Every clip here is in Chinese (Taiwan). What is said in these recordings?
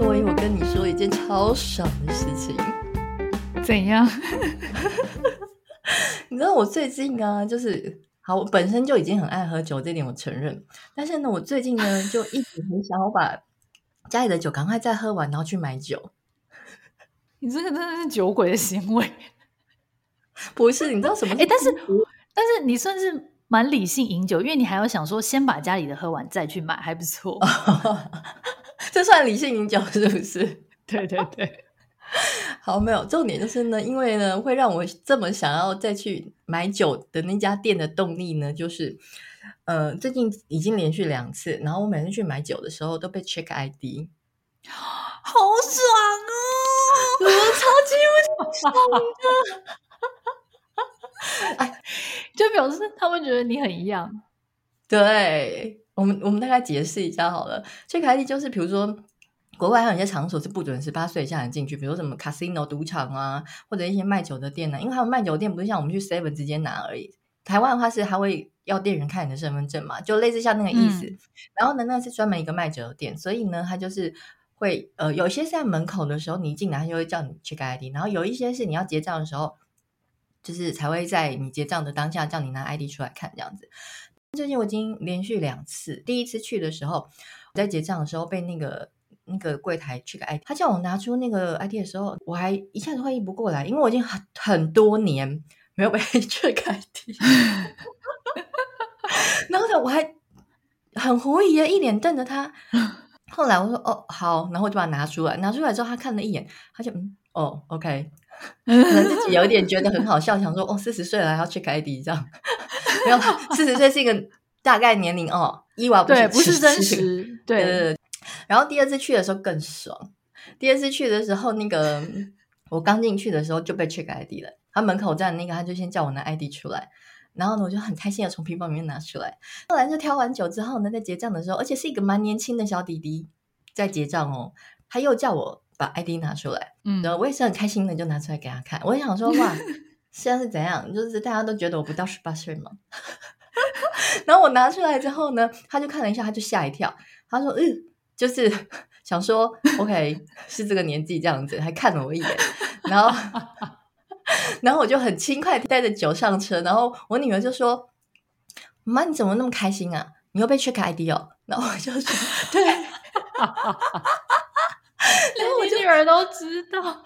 所以我跟你說一件超爽的事情。怎樣？你知道我最近啊，就是好，我本身就已經很愛喝酒，這點我承認。但是呢，我最近呢，就一直很想要把家裡的酒趕快再喝完，然後去買酒。你這個真的是酒鬼的行為。不是，你知道什麼？但是但是你算是蠻理性飲酒，因為你還要想說先把家裡的喝完再去買，還不錯。這算理性飲酒是不是？對對對， 好，沒有重點就是呢，因為呢會讓我這麼想要再去買酒的那家店的動力呢，就是，呃，最近已經連續兩次，然後我每次去買酒的時候都被 check ID，好爽哦，怎麼超級爽啊！的 就表示他們覺得你很一樣，對。我們我們大概解釋一下好了。check ID 就是，比如說國外還有一些場所是不准十八歲以下人進去，比如什麼 casino 賭場啊，或者一些賣酒的店呢、啊。因為他們賣酒店不是像我們去 seven 直接拿而已。台灣的話是還會要店員看你的身份證嘛，就類似像那個意思。嗯、然後呢，那是專門一個賣酒的店，所以呢，他就是會呃，有些是在門口的時候你一進來他就會叫你 check ID，然後有一些是你要結賬的時候，就是才會在你結賬的當下叫你拿 ID 出來看這樣子。最近我已經連續兩次，第一次去的時候，我在結賬的時候被那個那個櫃檯 check ID，他叫我拿出那個 ID 的時候，我還一下子反應不過來，因為我已經很很多年沒有被 check ID。 然後呢，我還很狐疑啊，一臉瞪着他。後來我說：“哦，好。”然後我就把它拿出來，拿出來之後他看了一眼，他就嗯，哦，OK，可能自己有點覺得很好笑， 想說：“哦，四十歲了還要 check ID 這樣。”沒有，四十歲是一個大概年齡 哦，一娃不是，對，不是真實 對。對，然後第二次去的時候更爽，第二次去的時候，那個 我剛進去的時候就被 check ID 了，他門口站那個，他就先叫我拿 ID 出來，然後呢我就很開心的從皮包裡面拿出來。後來就挑完酒之後呢，在結賬的時候，而且是一個蠻年輕的小弟弟在結賬哦，他又叫我把 ID 拿出來，嗯，然後我也是很開心的就拿出來給他看，我也想說哇。 現在是怎樣？就是大家都覺得我不到十八歲嗎？ 然後我拿出來之後呢，他就看了一下，他就嚇一跳。他說：“嗯，就是想說 ，OK，是這個年紀這樣子。”還看了我一眼，然後， 然後我就很輕快帶着酒上車。然後我女兒就說：“ 媽，你怎麼那麼開心啊？你又被 check ID 哦。”那我就說：“對。” 連我女兒都知道。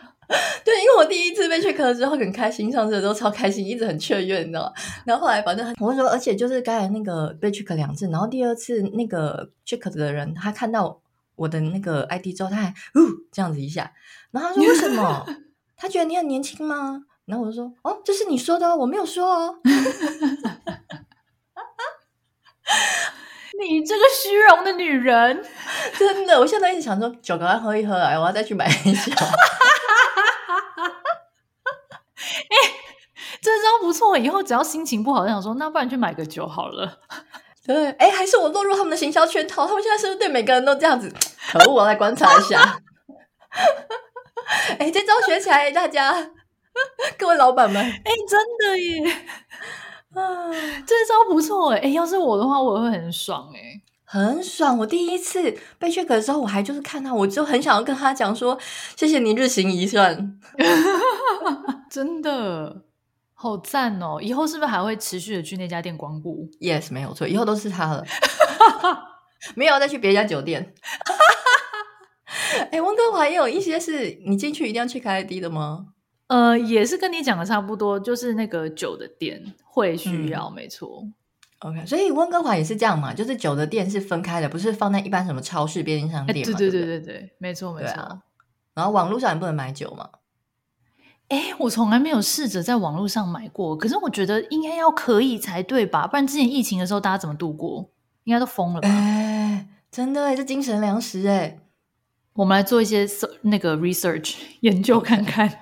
第一次被 check 之後很開心，上次都超開心，一直很雀躍，你知道嗎？然後後來反正很我就說，而且就是剛才那個被 check 兩次，然後第二次那個 check 的人，他看到我的那個 ID 之後，他還嗚這樣子一下，然後他說：“為什麼？” 他覺得你很年輕嗎？然後我就說：“哦，這是你說的，我沒有說哦。” 你這個虛榮的女人，真的，我現在一直想說，酒剛剛喝一喝，哎，我要再去買一下 以後只要心情不好，想說那不然去買個酒好了。對，哎，還是我落入他們的行銷圈套。他們現在是不是對每個人都這樣子？可惡啊，我來觀察一下。哎， 這招學起來，大家，各位老闆們，哎，真的耶！啊，這招不錯哎，要是我的話，我會很爽哎，很爽。我第一次被拒絕的時候，我還就是看到，我就很想要跟他講說，謝謝你日行一善， 真的。好贊哦！以後是不是還會持續的去那家店光顧？Yes，沒有錯，以後都是他了。 沒有再去別家酒店。哎、 欸，溫哥華也有一些是你進去一定要 check ID 的嗎？呃，也是跟你講的差不多，就是那個酒的店會需要，嗯、沒錯錯。OK，所以溫哥華也是這樣嘛？就是酒的店是分開的，不是放在一般什麼超市、便利商店嗎、欸？對對對對對，沒錯沒錯。沒錯，然後網絡上也不能買酒嘛。誒，我從來沒有試着在網絡上買過，可是我覺得應該要可以才對吧？不然之前疫情的時候大家怎麼度過？應該都瘋了吧。吧、欸？真的，誒這精神糧食、欸，誒我們來做一些那個 research 研究，看看。Okay.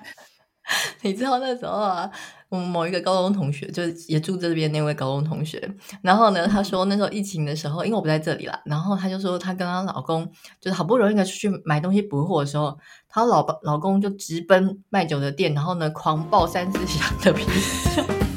你知道那時候啊我某一個高中同學，就也住這邊那位高中同學，然後呢，他說那時候疫情的時候，因為我不在這裡了，然後他就說他跟他老公，就是好不容易應該出去買東西補貨的時候，他老老公就直奔賣酒的店，然後呢，狂爆三四箱的啤酒。